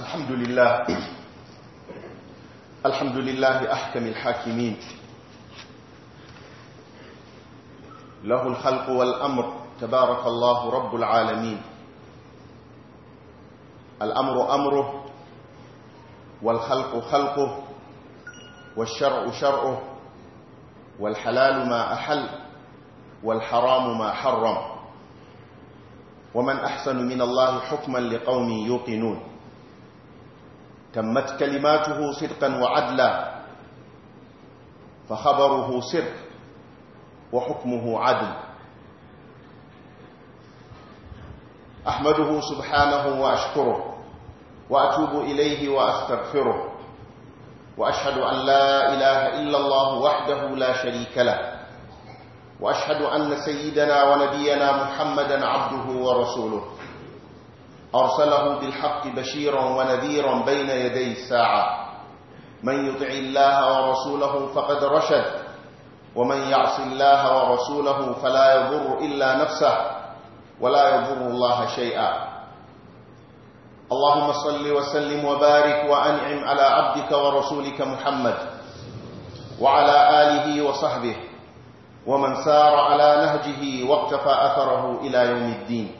الحمد لله الحمد لله أحكم الحاكمين له الخلق والأمر تبارك الله رب العالمين الأمر أمره والخلق خلقه والشرع شرعه والحلال ما أحل والحرام ما حرم ومن أحسن من الله حكما لقوم يوقنون تمت كلماته صدقا وعدلا فخبره سر وحكمه عدل أحمده سبحانه وأشكره وأتوب إليه وأستغفره وأشهد أن لا إله إلا الله وحده لا شريك له وأشهد أن سيدنا ونبينا محمدا عبده ورسوله أرسله بالحق بشيرا ونذيرا بين يدي الساعة من يطع الله ورسوله فقد رشد ومن يعص الله ورسوله فلا يضر إلا نفسه ولا يضر الله شيئا اللهم صل وسلم وبارك وأنعم على عبدك ورسولك محمد وعلى آله وصحبه ومن سار على نهجه واقتفى أثره إلى يوم الدين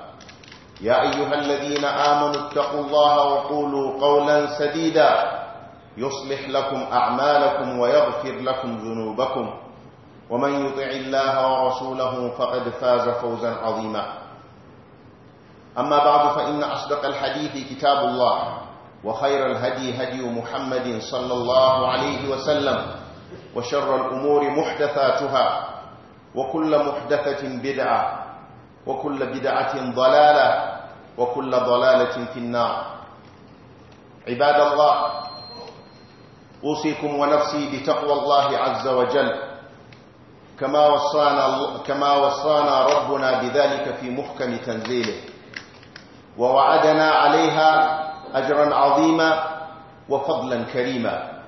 يا أيها الذين آمنوا اتقوا الله وقولوا قولا سديدا يصلح لكم أعمالكم ويغفر لكم ذنوبكم ومن يطع الله ورسوله فقد فاز فوزا عظيما أما بعد فإن أصدق الحديث كتاب الله وخير الهدي هدي محمد صلى الله عليه وسلم وشر الأمور محدثاتها وكل محدثة بدعة وكل بدعة ضلالة وكل ضلالة في النار عباد الله أوصيكم ونفسي بتقوى الله عز وجل كما وصانا, كما وصانا ربنا بذلك في محكم تنزيله ووعدنا عليها أجرا عظيما وفضلا كريما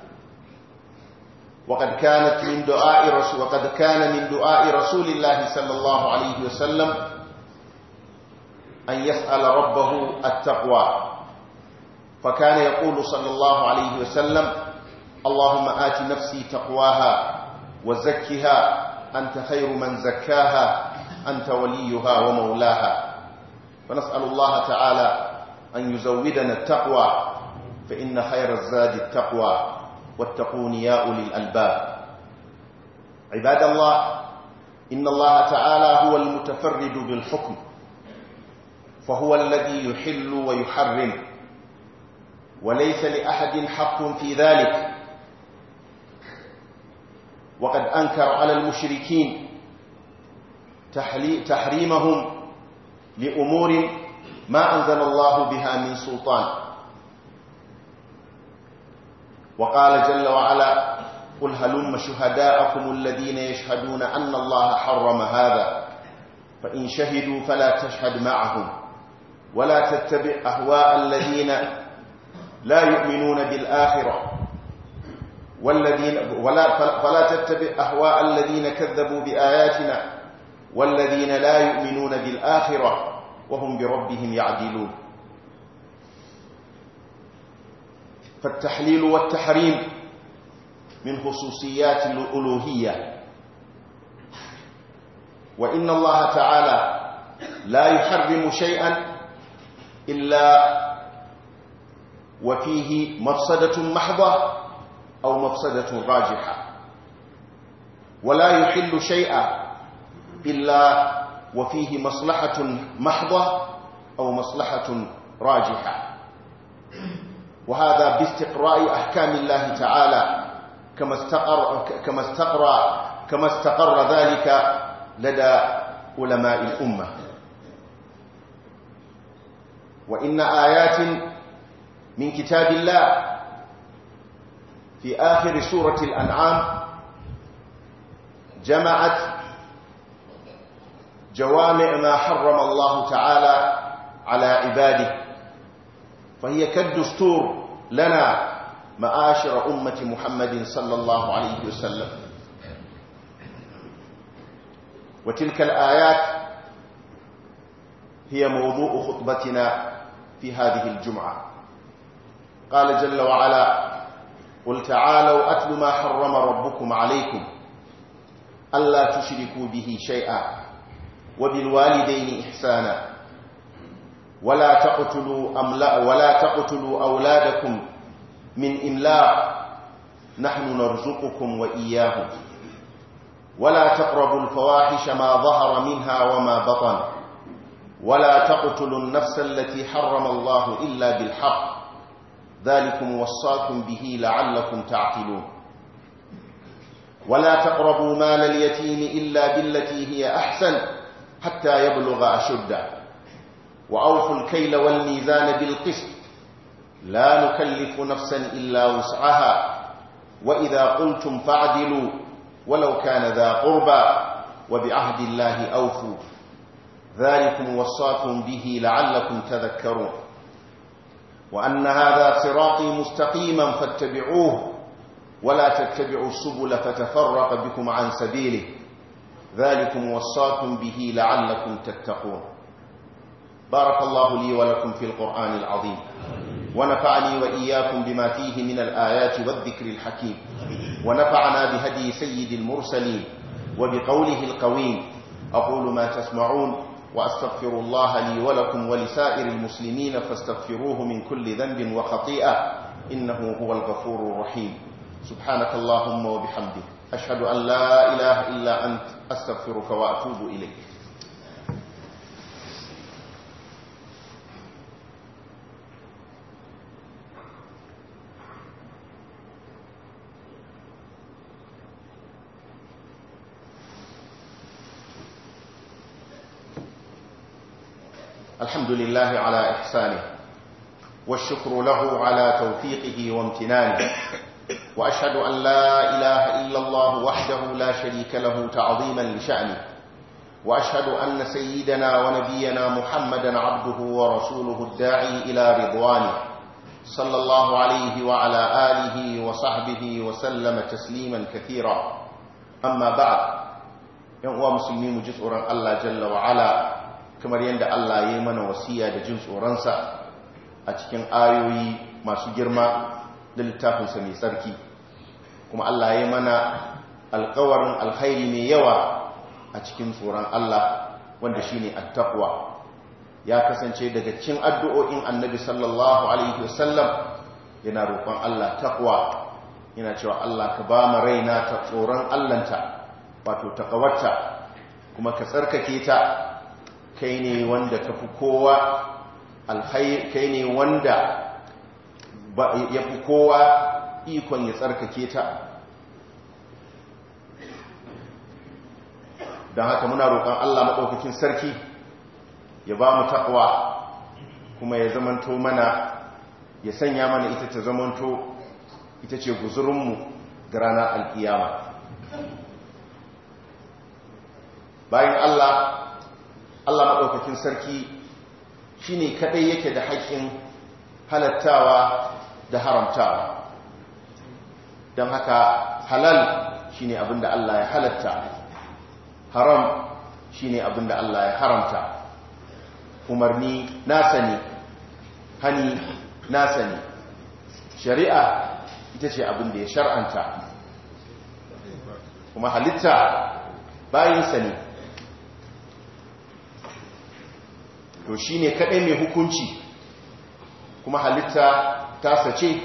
وقد كانت من دعاء رسول وقد كان من دعاء رسول الله صلى الله عليه وسلم أن يسأل ربه التقوى فكان يقول صلى الله عليه وسلم اللهم آت نفسي تقواها وزكها أنت خير من زكاها أنت وليها ومولاها فنسأل الله تعالى أن يزودنا التقوى فإن خير الزاد التقوى واتقون يا أولي الألباب عباد الله إن الله تعالى هو المتفرد بالحكم فهو الذي يحل ويحرم وليس لأحد حق في ذلك وقد أنكر على المشركين تحريمهم لأمور ما أنزل الله بها من سلطان وقال جل وعلا قل هلم شهداءكم الذين يشهدون أن الله حرم هذا فإن شهدوا فلا تشهد معهم ولا تتبع أهواء الذين لا يؤمنون بالآخرة والذين ولا فلا تتبع أهواء الذين كذبوا بآياتنا والذين لا يؤمنون بالآخرة وهم بربهم يعدلون فالتحليل والتحريم من خصوصيات الألوهية وإن الله تعالى لا يحرم شيئا إلا وفيه مفسدة محضة أو مفسدة راجحة ولا يحل شيئا إلا وفيه مصلحة محضة أو مصلحة راجحة وهذا باستقراء أحكام الله تعالى كما استقر, كما استقر, كما استقر ذلك لدى علماء الأمة وإن آيات من كتاب الله في آخر سورة الأنعام جمعت جوامع ما حرم الله تعالى على عباده فهي كالدستور لنا معاشر أمة محمد صلى الله عليه وسلم وتلك الآيات هي موضوع خطبتنا في هذه الجمعة قال جل وعلا قل تعالوا أتل ما حرم ربكم عليكم ألا تشركوا به شيئا وبالوالدين إحسانا ولا تقتلوا أملا ولا تقتلوا أولادكم من إملاق نحن نرزقكم وإياهم ولا تقربوا الفواحش ما ظهر منها وما بطن ولا تقتلوا النفس التي حرم الله إلا بالحق ذلكم وصاكم به لعلكم تعقلون ولا تقربوا مال اليتيم إلا بالتي هي أحسن حتى يبلغ أشده وأوفوا الكيل والميزان بالقسط لا نكلف نفسا إلا وسعها وإذا قلتم فاعدلوا ولو كان ذا قربى وبعهد الله أوفوا ذلكم وصاكم به لعلكم تذكرون وأن هذا صراطي مستقيما فاتبعوه ولا تتبعوا السبل فتفرق بكم عن سبيله ذلكم وصاكم به لعلكم تتقون بارك الله لي ولكم في القرآن العظيم ونفعني وإياكم بما فيه من الآيات والذكر الحكيم ونفعنا بهدي سيد المرسلين وبقوله القويم أقول ما تسمعون وأستغفر الله لي ولكم ولسائر المسلمين فاستغفروه من كل ذنب وخطيئة إنه هو الغفور الرحيم سبحانك اللهم وبحمدك أشهد أن لا إله إلا أنت أستغفرك وأتوب إليك الحمد لله على إحسانه والشكر له على توفيقه وامتنانه وأشهد أن لا إله إلا الله وحده لا شريك له تعظيما لشأنه وأشهد أن سيدنا ونبينا محمدا عبده ورسوله الداعي إلى رضوانه صلى الله عليه وعلى آله وصحبه وسلم تسليما كثيرا أما بعد يوم مسلمين جزء الله جل وعلا kamar yadda Allah ya yi mana wasiya da jin tsoronsa a cikin ayoyi masu girma da littafinsa mai tsarki kuma Allah ya yi mana alkawarin alkhairi mai yawa a cikin tsoron Allah wanda shi ne attaqwa ya kasance daga cin addu'o'in annabi sallallahu alaihi wasallam yana roƙon Allah takwa yana cewa Allah ka ba mu raina ta tsoron Allahnta wato ƙawarta, kuma ka tsarkake ta kai ne wanda ka kowa ne wanda ya fi kowa ikon ya tsarkake ta don haka muna roƙon Allah maɗaukakin sarki ya ba mu taɓwa kuma ya zamanto mana ya sanya mana ita ta zamanto ita ce guzurinmu ga ranar alƙiyama bayan Allah Allah maɗaukakin sarki shi ne kaɗai yake da haƙƙin halattawa da haramtawa don haka halal shi ne abinda Allah ya halatta haram shi ne abinda Allah ya haramta umarni nasa ne hani nasa ne shari'a ita ce abinda ya shar'anta kuma halitta bayansa ne to shi ne kaɗai mai hukunci kuma halitta ta sace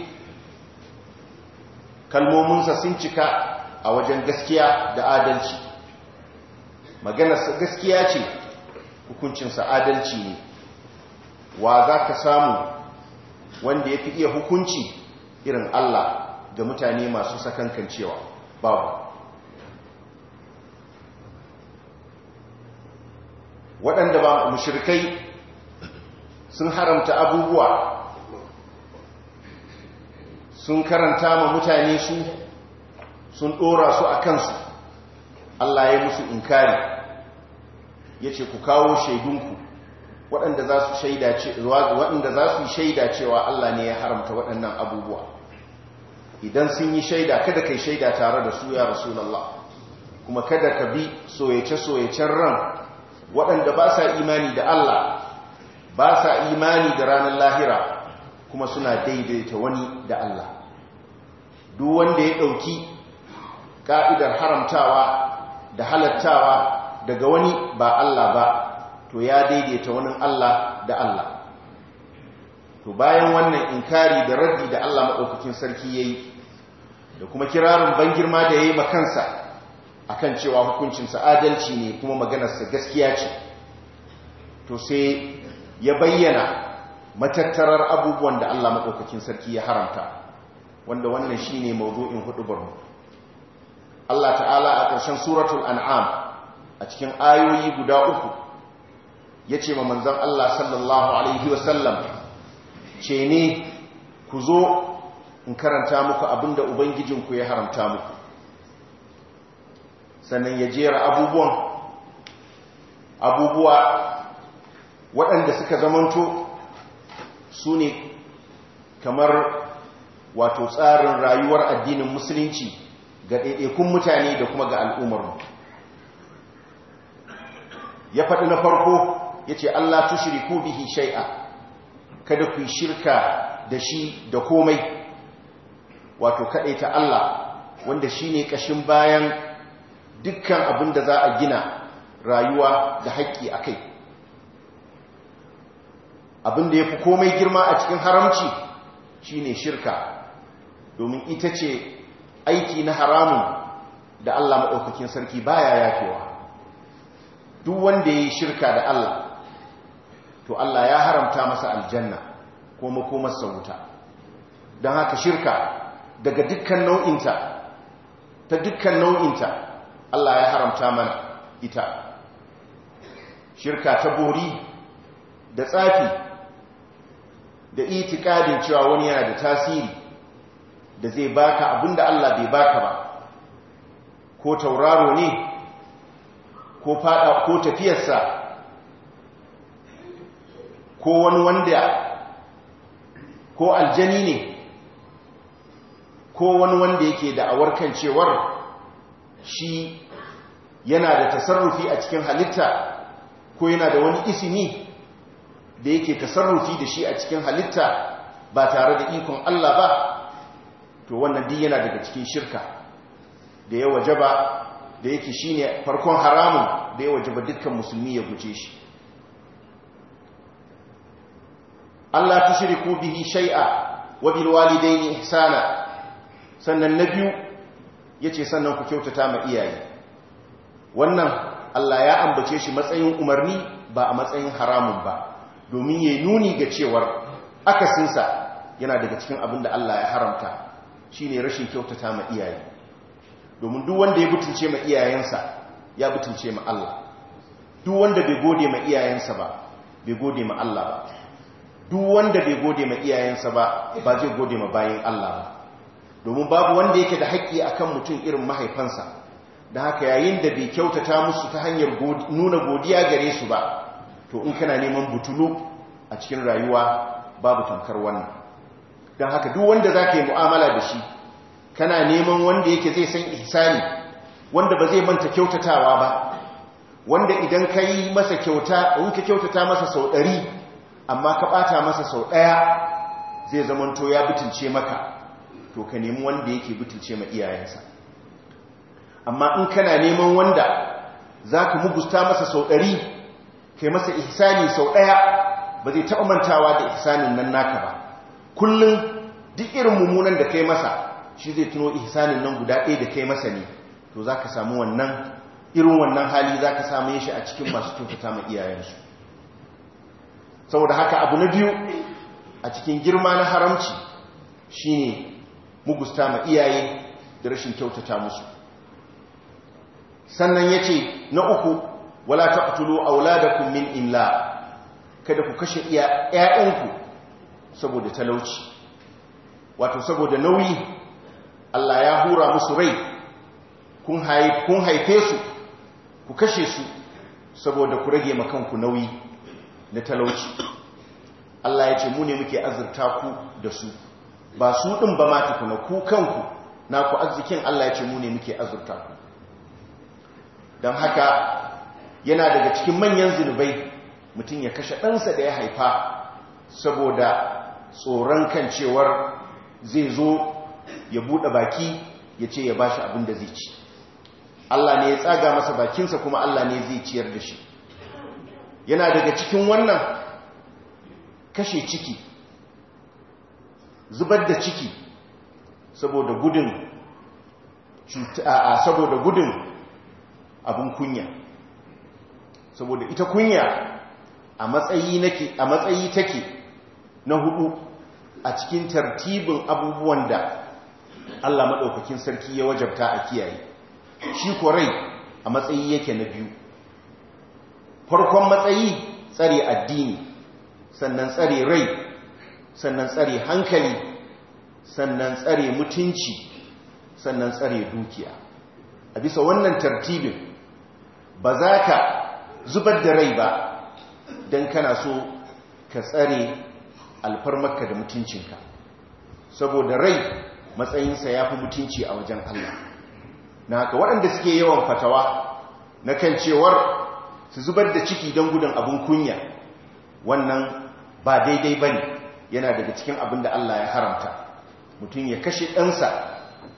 kalmominsa sun cika a wajen gaskiya da adalci maganarsa gaskiya ce hukuncinsa adalci ne wa za ka samu wanda ya fi iya hukunci irin Allah ga mutane masu cewa babu waɗanda ba mushirkai sun haramta abubuwa sun karanta ma mutane su sun dora su a kansu Allah ya musu inkari ya ce ku kawo shaidunku waɗanda za su shaida cewa Allah ne ya haramta waɗannan abubuwa idan sun yi shaida kada kai shaida tare da su ya rasulallah kuma kada ka bi soyace-soyacen ran waɗanda ba sa imani da Allah ba sa imani da ranar lahira kuma suna daidaita wani da Allah duk wanda ya ɗauki ƙa'idar haramtawa da halattawa daga wani ba Allah ba to ya daidaita wani Allah da Allah to bayan wannan inkari da raddi da Allah maɗaukakin sarki ya yi da kuma kirarin ban girma da ya yi makansa a kan cewa hukuncinsa adalci ne kuma maganarsa gaskiya ce to sai ya bayyana matattarar abubuwan da Allah maɗaukakin sarki ya haramta wanda wannan shi ne mawuzo'in hudubarmu Allah ta'ala a ƙarshen suratul an'am a cikin ayoyi guda uku ya ce ma manzan Allah sallallahu Alaihi wasallam ce ne ku zo in karanta muku abinda Ubangijinku ya haramta muku sannan ya jera abubuwan abubuwa waɗanda suka zamanto su ne kamar wato tsarin rayuwar addinin musulunci ga ɗaiɗaikun mutane da kuma ga mu. ya faɗi na farko ya ce Allah ku bihi shai'a kada ku shirka da shi da komai wato ta Allah wanda shi ne ƙashin bayan dukkan abin da za a gina rayuwa da haƙƙi a kai abin da ya fi komai girma a cikin haramci shine shirka domin ita ce aiki na haramun da Allah maɗaukakin sarki baya yafewa duk wanda ya yi shirka da Allah to Allah ya haramta masa aljanna ko makomarsa wuta don haka shirka daga dukkan nau'inta ta dukkan nau'inta Allah ya haramta mana ita shirka ta bori da tsafi da itikadin cewa wani yana da tasiri da zai baka abinda Allah bai baka ba ko tauraro ne ko fada ko tafiyarsa ko wani wanda ko aljani ne ko wani wanda yake da awarkan cewar shi yana da tasarrufi a cikin halitta ko yana da wani isini da yake tasarrufi da shi a cikin halitta ba tare da ikon Allah ba to wannan din yana daga cikin shirka da ya wajaba da yake shine farkon haramun da ya wajaba dukkan musulmi ya guje shi Allah tushriku bihi shay'a wa bil walidayni ihsana sannan na biyu yace sannan ku kyautata ma iyaye wannan Allah ya ambace shi matsayin umarni ba a matsayin haramun ba domin ya nuni ga cewar akasinsa yana daga cikin abin da Allah ya haramta shi ne rashin kyautata ma iyaye domin duk wanda ya butunce ma iyayensa ya butunce ma Allah duk wanda bai gode ma iyayensa ba bai gode ma Allah ba duk wanda bai gode ma iyayensa ba ba zai gode ma bayan Allah ba domin babu wanda yake da haƙƙi akan mutum irin mahaifansa da haka yayin da bai kyautata musu ta hanyar nuna godiya gare su ba to in kana neman butulu a cikin rayuwa babu tamkar wannan don haka duk wanda za ka yi mu'amala da shi kana neman wanda yake zai san ihsani wanda ba zai manta kyautatawa ba wanda idan ka yi masa kyauta in ka kyautata masa sau ɗari amma ka ɓata masa sau ɗaya zai zamanto ya bitince maka to ka nemi wanda yake bitince ma iyayensa amma in kana neman wanda za ka mugusta masa sau ɗari kai masa ihsani sau ɗaya ba zai taɓa mantawa da ihsanin nan naka ba kullum duk irin mummunan da kai masa shi zai tuno ihsanin nan guda ɗaya da kai masa ne to za ka samu wannan irin wannan hali za ka samu shi a cikin masu kyautata ma iyayensu saboda haka abu na biyu a cikin girma na haramci shi ne mugusta ma iyaye da rashin kyautata musu sannan ya ce na uku wala a taqtulu auladakum min inla kada ku kashe iya ƴaƴanku saboda talauci wato saboda nauyi Allah ya hura musu rai kun haife su ku kashe su saboda ku rage makanku nauyi na talauci Allah ya ce mu ne muke azurta ku da su ba su ɗin ba ma kuna, ku kanku na ku arzikin Allah ya ce mu ne muke azurta ku don haka yana daga cikin manyan zunubai mutum ya kashe ɗansa da ya haifa saboda tsoron kan cewar zai zo ya buɗe baki ya ce ya bashi abin da zai ci Allah ne ya tsaga masa bakinsa kuma Allah ne zai ciyar da shi yana daga cikin wannan kashe ciki zubar da ciki saboda gudun cuta? saboda gudun abin kunya saboda ita kunya a matsayi take na hudu a cikin tartibin abubuwan da Allah maɗaukakin sarki ya wajabta a kiyaye shi korai a matsayi yake na biyu farkon matsayi tsare addini sannan tsare rai sannan tsare hankali sannan tsare mutunci sannan tsare dukiya a bisa wannan tartibin ba za ka zubar da rai ba don kana so ka tsare alfarmarka da mutuncinka saboda rai matsayinsa ya fi mutunci a wajen Allah na haka waɗanda suke yawan fatawa na kan cewar su zubar da ciki don gudun abin kunya wannan ba daidai ba ne yana daga cikin abin da Allah ya haramta mutum ya kashe ɗansa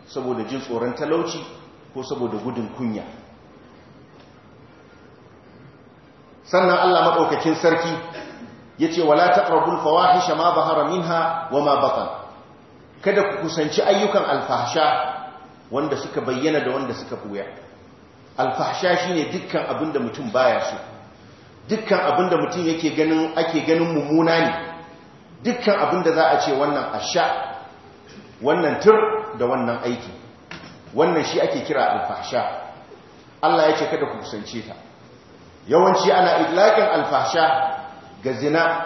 saboda jin tsoron talauci ko saboda gudun kunya sannan Allah madaukakin sarki ya ce, wala taqrabul fawahisha ma ha wa wama bakan kada ku kusanci ayyukan alfahasha wanda suka bayyana da wanda suka buya shi ne dukkan abinda mutum baya so dukkan abinda mutum yake ganin ake ganin mummuna ne dukkan abinda za a ce wannan asha wannan tur da wannan aiki wannan shi ake kira alfahasha Allah ya ce kada ku kusance ta yawanci ana idlakin alfasha ga zina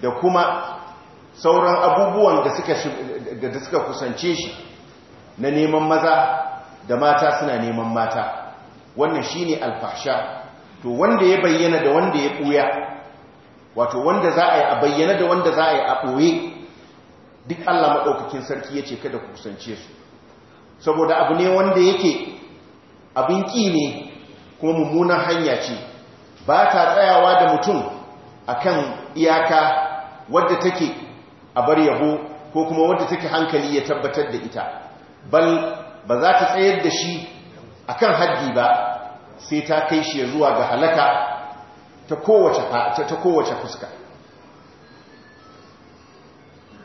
da kuma sauran abubuwan da suka kusance shi na neman maza da mata suna neman mata wannan shine alfasha to wanda ya bayyana da wanda ya ɓuya wato wanda za a yi a bayyana da wanda za a yi a ɓoye duk Allah maɗaukakin sarki ya ce kada kusance su saboda abu ne wanda yake abin ƙi ne kuma mummunan hanya ce ba ta tsayawa da mutum akan iyaka wadda take a bar yabo ko kuma wadda take hankali ya tabbatar da ita bal ba za ta tsayar da shi akan haddi ba sai ta kai shi zuwa ga halaka ta kowace fuska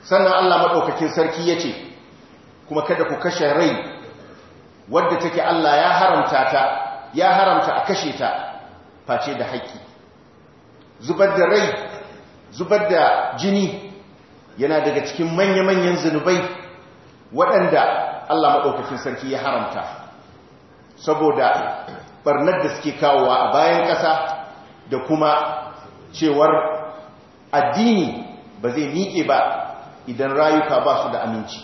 sannan Allah maɗaukakin sarki ya ce kuma kada ku kashe rai wadda take Allah ya haramta ta ya haramta a kashe ta face da haƙƙi zubar da rai zubar da jini yana daga cikin manya-manyan zunubai waɗanda Allah maɗaukacin sarki ya haramta saboda ɓarnar da suke kawowa a bayan ƙasa da kuma cewar addini ba zai miƙe ba idan rayuka ba su da aminci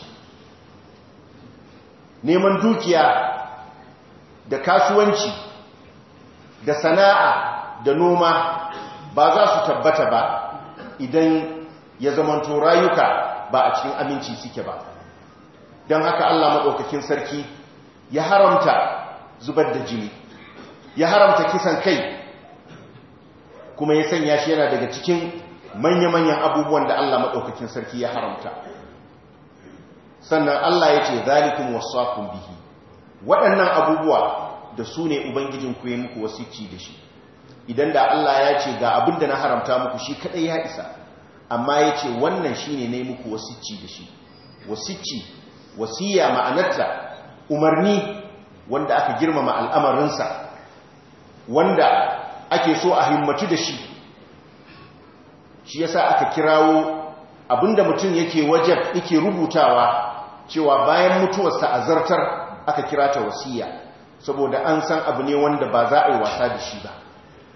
neman dukiya da kasuwanci da sana'a da noma ba za su tabbata ba idan ya zamanto rayuka ba a cikin aminci suke ba don haka Allah maɗaukakin sarki ya haramta zubar da jini ya haramta kisan kai kuma ya sanya shi yana daga cikin manya-manyan abubuwan da Allah maɗaukakin sarki ya haramta sannan Allah ya ce zalikin wasu bihi waɗannan abubuwa da su ne ubangijin ku yi muku wasici da shi idan da Allah ya ce ga abin da na haramta muku shi kaɗai ya isa amma ya ce wannan shi ne na yi muku wasici da shi wasici wasiya ma'anarta umarni wanda aka girmama al'amarinsa wanda ake so a himmatu da shi shi yasa aka kirawo abinda mutum yake wajen yake rubutawa cewa bayan mutuwarsa a zartar aka kira ta wasiya saboda an san abu ne wanda ba za a yi wasa da shi ba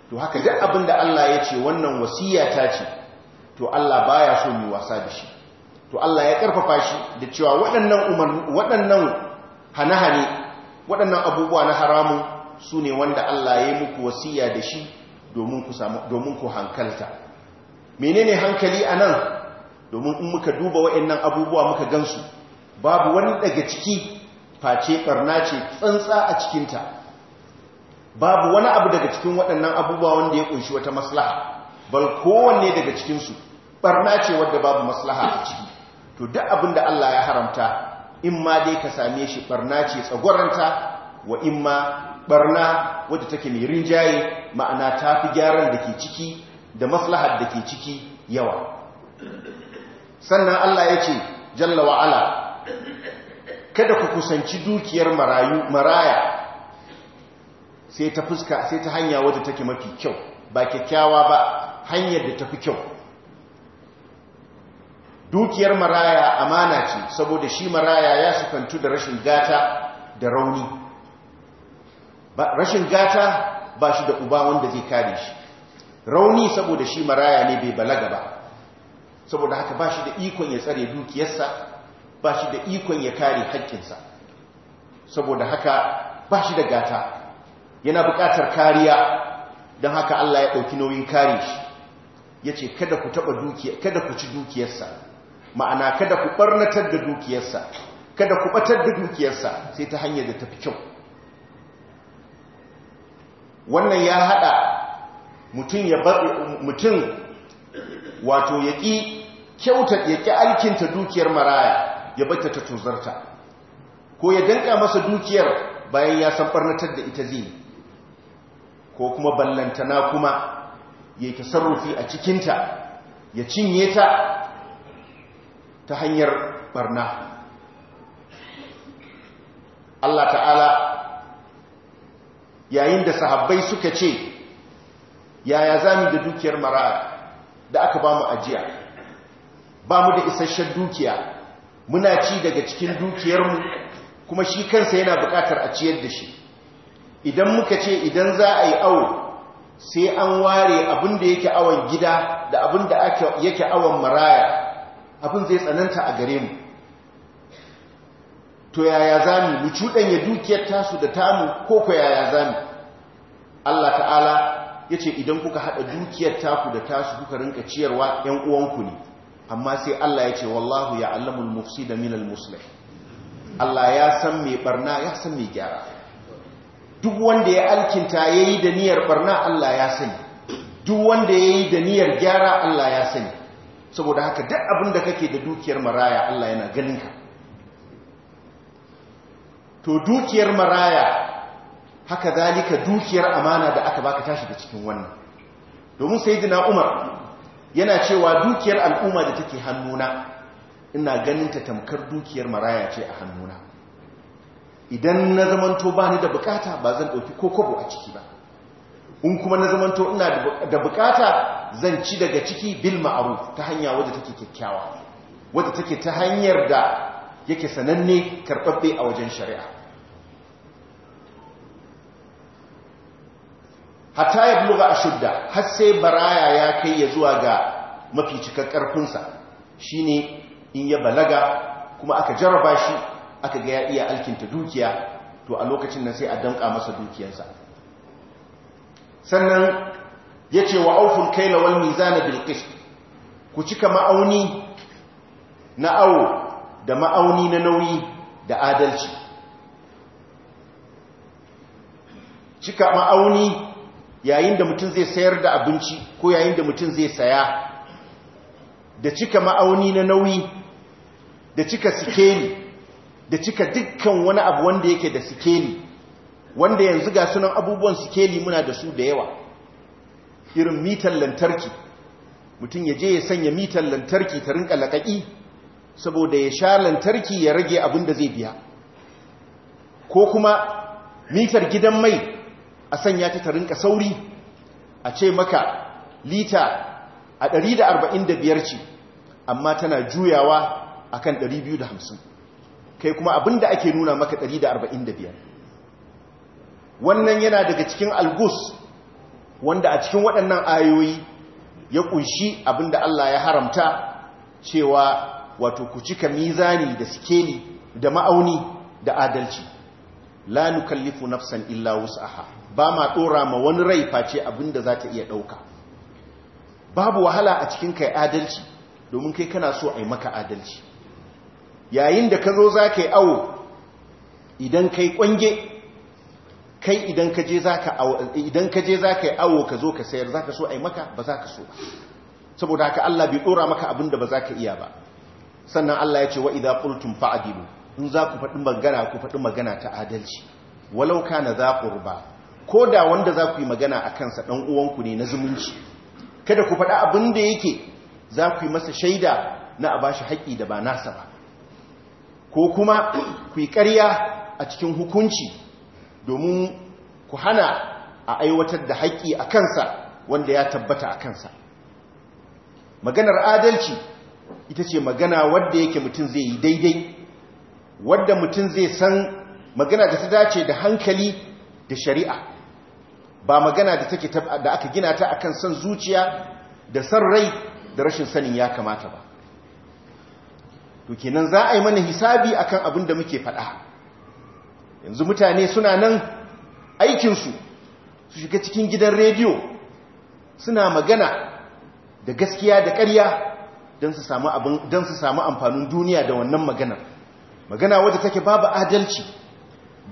to haka duk abin da Allah ya ce wannan wasiya ta ce to Allah baya so mu wasa da shi to Allah ya karfafa shi da cewa waɗannan umar hane hanahane waɗannan abubuwa na haramun su ne wanda Allah ya yi muku wasiya da shi domin ku hankalta menene hankali a nan domin in muka duba waɗannan abubuwa muka gansu babu wani daga ciki face ɓarna ce tsantsa a cikinta babu wani abu daga cikin waɗannan abubuwa wanda ya ƙunshi wata maslaha bal kowanne daga cikinsu ɓarna ce wadda babu maslaha a ciki to duk abin da Allah ya haramta in ma dai ka same shi ɓarna ce tsagoranta wa in ma barna wadda take mai rinjaye ma'ana ta fi gyaran da ke ciki da maslahar da ke ciki yawa sannan Allah ya ce jalla wa'ala kada ku kusanci dukiyar marayu maraya sai ta fuska sai ta hanya wadda take mafi kyau ba kyakkyawa ba hanyar da tafi kyau dukiyar maraya amana ce saboda shi maraya ya sukantu da rashin gata da rauni rashin gata ba shi da uba wanda zai kare shi rauni saboda shi maraya ne bai balaga ba saboda haka ba shi da ikon ya tsare dukiyarsa ba shi da ikon ya kare haƙƙinsa saboda haka ba shi da gata yana buƙatar kariya don haka Allah ya ɗauki nauyin kare shi ya ce kada ku taɓa dukiya kada ku ci dukiyarsa ma'ana kada ku ɓarnatar da dukiyarsa kada ku ɓatar da dukiyarsa sai ta hanyar da tafi kyau wannan ya haɗa mutum ya mutum wato ya ƙi kyauta ya ƙi alkinta dukiyar maraya ya bata ta tozarta ko ya danka masa dukiyar bayan ya san barnatar da ita zai ko kuma ballantana kuma ya yi tasarrufi a cikinta ya cinye ta ta hanyar barna Allah ta'ala yayin da sahabbai suka ce yaya zami da dukiyar mara da aka ba mu ajiya ba mu da isasshen dukiya muna ci daga cikin dukiyarmu kuma shi kansa yana buƙatar a ciyar da shi idan muka ce idan za a yi awo sai an ware abin da yake awon gida da abin da yake awon maraya abin zai tsananta a gare mu to yaya za mu mu cuɗanya dukiyar tasu da tamu ko ku yaya za mu Allah ta'ala ya ce idan kuka haɗa dukiyar taku da tasu kuka rinka ciyarwa ‘yan uwanku ne’ amma sai Allah ya ce wallahu ya allamul da minal muslih Allah ya san mai barna ya san mai gyara duk wanda ya alkinta ya yi da niyyar barna Allah ya sani duk wanda ya yi da niyyar gyara Allah ya sani saboda haka duk abin da kake da dukiyar maraya Allah yana ganin ka to dukiyar maraya haka zalika dukiyar amana da aka baka tashi da cikin wannan domin sayyidina Umar yana cewa dukiyar al'umma da take hannuna ina ganin ta tamkar dukiyar maraya ce a hannuna idan na zamanto ba ni da bukata ba zan ɗauki kokobo a ciki ba in kuma na zamanto ina da bukata zan ci daga ciki bil ma'aruf ta hanya wadda take kyakkyawa wadda take ta hanyar da yake sananne karɓaɓɓe a wajen shari'a hata ya bluga ashudda har sai baraya ya kai ya zuwa ga mafi cikakkar kunsa shine in ya balaga kuma aka jaraba shi aka ga ya iya alkinta dukiya to a lokacin nan sai a danka masa dukiyarsa sannan ya ce wa auful kai wal mizana bil qist ku cika ma'auni na awo da ma'auni na nauyi da adalci cika ma'auni yayin da mutum zai sayar da abinci ko yayin da mutum zai saya da cika ma'auni na nauyi da cika sikeli da cika dukkan wani abu wanda yake da sikeli wanda yanzu ga sunan abubuwan sikeli muna da su da yawa irin mitan lantarki mutum ya je ya sanya mitan lantarki ta rinka laƙaƙi saboda ya sha lantarki ya rage abin da zai biya ko kuma mitar gidan mai a sanya ta ta rinka sauri a ce maka lita a 145 ce amma tana juyawa a akan 250 kai kuma abinda ake nuna maka 145 wannan yana daga cikin algus wanda a cikin waɗannan ayoyi ya ƙunshi abinda Allah ya haramta cewa wato ku cika mizani da sikeli da ma'auni da adalci la nukallifu nafsan illa wus'aha ba ma ɗora ma wani rai face abin da za ta iya ɗauka babu wahala a cikin kai adalci domin kai kana so a yi maka adalci yayin da ka zo za ka yi awo idan kai kwange kai idan ka je za ka yi awo ka zo ka sayar za ka so a yi maka ba za ka so saboda haka Allah bai ɗora maka abin da ba za ka iya ba sannan Allah ya ce wa idan ƙultun fa'adilu in za ku faɗi magana ku faɗi magana ta adalci walau ka na za ba. ko da wanda za ku yi magana a kansa ɗan uwanku ne na zumunci kada ku faɗa abin da yake za ku yi masa shaida na a ba shi haƙƙi da ba nasa ba ko kuma ku yi ƙarya a cikin hukunci domin ku hana a aiwatar da haƙƙi a kansa wanda ya tabbata a kansa maganar adalci ita ce magana wadda yake mutum zai yi daidai wadda mutum zai san magana da ta dace da hankali da shari'a ba magana da take da aka gina ta akan san zuciya da san rai da rashin sanin ya kamata ba to kenan za a yi mana hisabi akan abin da muke faɗa yanzu mutane suna nan aikin su shiga cikin gidan rediyo suna magana da gaskiya da ƙarya don su samu amfanin duniya da wannan magana magana wadda take babu adalci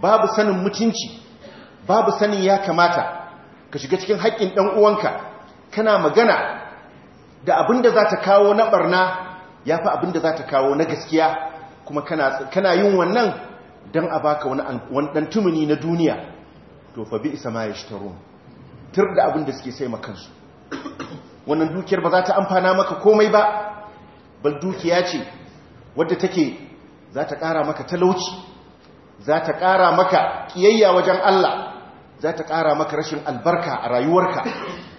babu sanin mutunci babu sanin ya kamata ka shiga cikin haƙƙin ɗan uwanka kana magana da abin da za ta kawo na ɓarna ya fi abin da za ta kawo na gaskiya kuma kana yin wannan don a baka wani ɗan tumuni na duniya to fa bi isa ma ya shitaru tur da abin da suke sai makansu wannan dukiyar ba za ta amfana maka komai ba bal dukiya ce wadda take za ta ƙara maka talauci za ta ƙara maka ƙiyayya wajen Allah za ta ƙara maka rashin albarka a rayuwarka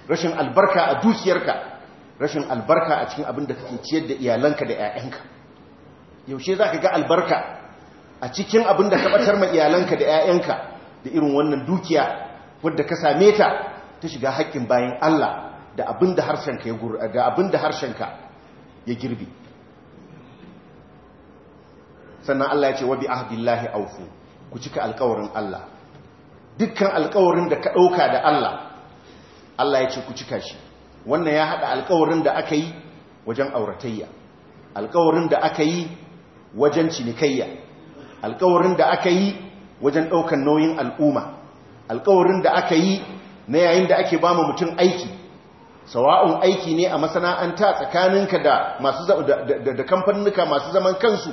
rashin albarka a dukiyarka rashin albarka a cikin abin da kake ciyar da iyalanka da 'ya'yanka yaushe za ka ga albarka a cikin abin da ka ɓatar ma iyalanka da 'ya'yanka da irin wannan dukiya wadda ka same ta ta shiga haƙƙin bayan Allah da abin da harshenka ya girbi sannan Allah ya ce wa bi ahdillahi aufu ku cika alƙawarin Allah dukkan alkawarin da ka ɗauka da Allah Allah ya ce ku cika shi wannan ya haɗa alkawarin da aka yi wajen auratayya alkawarin da aka yi wajen cinikayya alkawarin da aka yi wajen ɗaukan nauyin al'umma alkawarin da aka yi na yayin da ake ba mutum aiki sawa'un aiki ne a masana'anta tsakaninka da masu da kamfanuka masu zaman kansu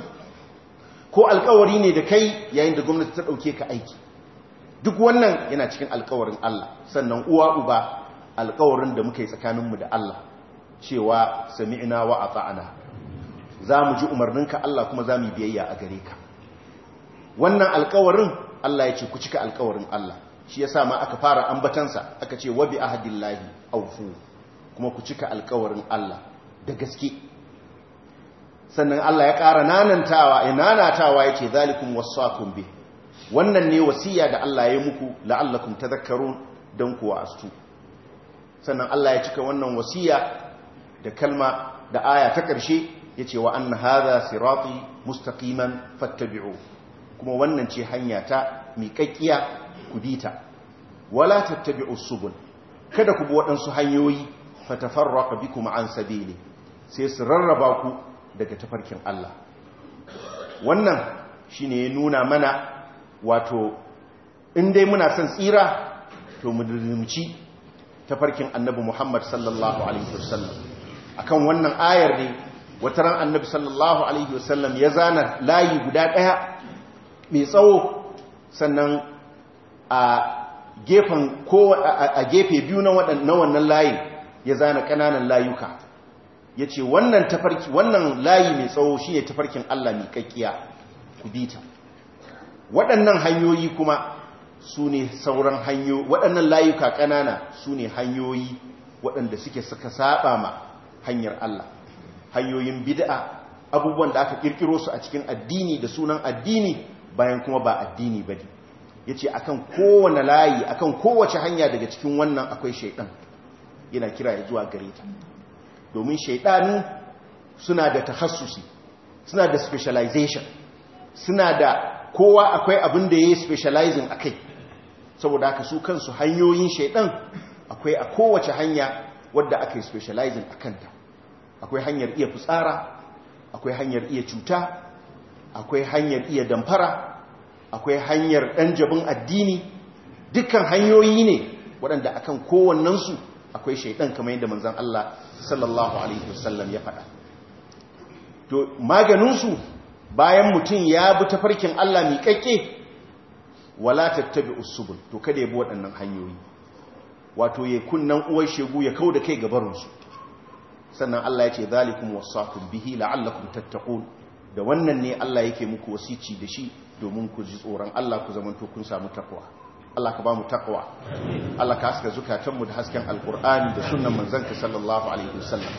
ko alkawari ne da kai yayin da gwamnati ta ɗauke ka aiki duk wannan yana cikin alkawarin Allah sannan uwa uba alkawarin da muka yi tsakaninmu da Allah cewa sami'na wa ata'ana za mu ji umarninka Allah kuma za mu biyayya a gare ka wannan alkawarin Allah ya ce ku cika alkawarin Allah shi yasa ma aka fara ambatansa aka ce wabi lahi awfu kuma ku cika alkawarin Allah da gaske sannan Allah ya ƙara nanantawa ya nanatawa ya ce zalikum wasaqum bihi wannan ne wasiya da Allah ya muku la'allakum tadhakkarun don kuwa astu sannan Allah ya cika wannan wasiya da kalma da aya ta ƙarshe yace wa anna hadha sirati mustaqiman fattabi'u kuma wannan ce hanya ta miƙaƙiya ku bita wala tattabi'u subul kada ku bi waɗansu hanyoyi fatafarraqa bikum an sabili sai su rarraba ku daga tafarkin Allah wannan shine ya nuna mana wato in dai muna son tsira to mu ta tafarkin annabi Muhammad sallallahu alaihi wasallam akan wannan ayar ne wata ran annabi sallallahu alaihi wasallam ya zana layi guda daya mai tsawo sannan a gefen ko a gefe biyu na wannan layi ya zana kananan layuka yace wannan tafarki wannan layi mai tsawo shine tafarkin Allah mai kakkiya ku bita waɗannan hanyoyi kuma su ne sauran hanyo waɗannan layuka ƙanana su ne hanyoyi waɗanda suke suka saba ma hanyar Allah hanyoyin bida'a abubuwan da aka kirkiro su a cikin addini da sunan addini bayan kuma ba addini ba ne ya ce a kan kowane layi a kan kowace hanya daga cikin wannan akwai shaidan yana kira ya zuwa gare ta domin shaidanu suna da tahassusi suna da specialization suna da kowa akwai abin da ya yi specializing a kai saboda haka su kansu hanyoyin shaidan akwai a kowace hanya wadda aka yi specializing a kanta akwai hanyar iya fitsara akwai hanyar iya cuta akwai hanyar iya damfara akwai hanyar ɗan jabin addini dukkan hanyoyi ne waɗanda a kan kowannensu akwai shaidan kamar yadda manzan Allah sallallahu alaihi wasallam ya faɗa to maganinsu bayan mutum ya bi tafarkin Allah mai kakke wala tattabi usubul to kada ya bi waɗannan hanyoyi wato ya kunnan uwar shegu ya da kai gabarinsu sannan Allah ya ce zalikum wasaqum bihi la'allakum tattaqun da wannan ne Allah yake muku wasici da shi domin ku ji tsoron Allah ku zamanto kun samu takwa Allah ka ba mu taqwa Allah ka haska zukatanmu da hasken alkur'ani da sunnan manzanka sallallahu alaihi wasallam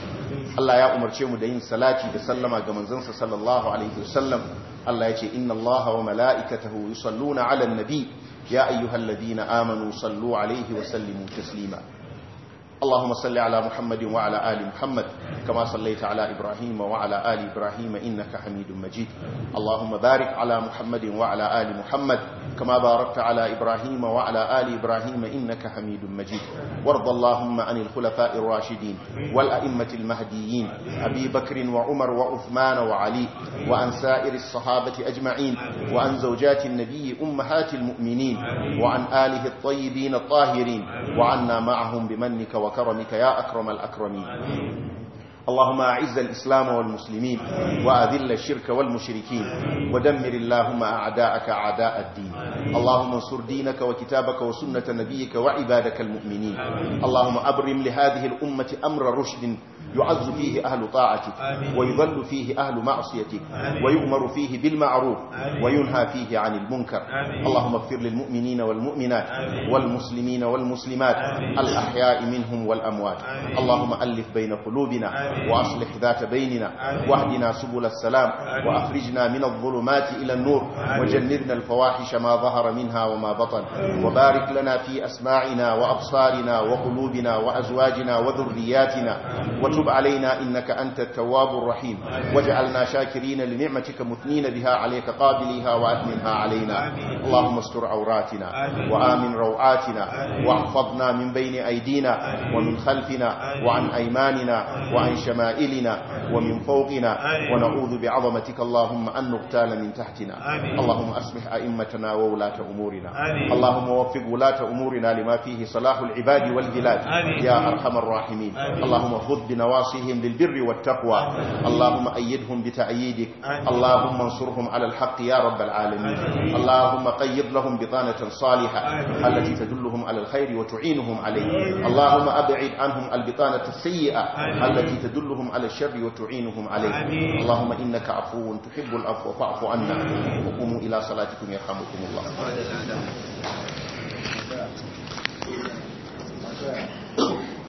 Allah ya umarce mu da yin salati da sallama ga manzansa sallallahu alaihi wasallam Allah ya ce inna Allaha wa mala'ikatahu yusalluna 'alan nabi ya ayyuhalladhina amanu sallu alaihi wa sallimu taslima اللهم صل على محمد وعلى آل محمد كما صليت على إبراهيم وعلى آل إبراهيم إنك حميد مجيد اللهم بارك على محمد وعلى آل محمد كما باركت على إبراهيم وعلى آل إبراهيم إنك حميد مجيد وارض اللهم عن الخلفاء الراشدين والأئمة المهديين أبي بكر وعمر وعثمان وعلي وأن سائر الصحابة أجمعين وأن زوجات النبي أمهات المؤمنين وعن آله الطيبين الطاهرين وعنا معهم بمنك و وكرمك يا أكرم الأكرمين آمين. اللهم أعز الإسلام والمسلمين وأذل الشرك والمشركين ودمر اللهم أعداءك أعداء الدين اللهم انصر دينك وكتابك وسنة نبيك وعبادك المؤمنين اللهم أبرم لهذه الأمة أمر رشد يعز فيه أهل طاعتك ويذل فيه أهل معصيتك ويؤمر فيه بالمعروف وينهى فيه عن المنكر اللهم اغفر للمؤمنين والمؤمنات والمسلمين والمسلمات الأحياء منهم والأموات اللهم ألف بين قلوبنا وأصلح ذات بيننا واهدنا سبل السلام وأخرجنا من الظلمات إلى النور وجنبنا الفواحش ما ظهر منها وما بطن وبارك لنا في أسماعنا وأبصارنا وقلوبنا وأزواجنا وذرياتنا وتب علينا إنك أنت التواب الرحيم واجعلنا شاكرين لنعمتك مثنين بها عليك قابليها وأثمنها علينا اللهم استر عوراتنا وآمن روعاتنا واحفظنا من بين أيدينا ومن خلفنا وعن أيماننا وعن شمائلنا ومن فوقنا ونعوذ بعظمتك اللهم أن نغتال من تحتنا اللهم أصلح أئمتنا وولاة أمورنا اللهم وفق ولاة أمورنا لما فيه صلاح العباد والبلاد يا أرحم الراحمين اللهم خذ بنواصيهم للبر والتقوى اللهم أيدهم بتأييدك اللهم انصرهم على الحق يا رب العالمين اللهم قيض لهم بطانة صالحة التي تدلهم على الخير وتعينهم عليه اللهم أبعد عنهم البطانة السيئة التي تدلهم تدلهم على الشر وتعينهم عليه اللهم إنك عفو تحب العفو فاعف عنا وقوموا إلى صلاتكم يرحمكم الله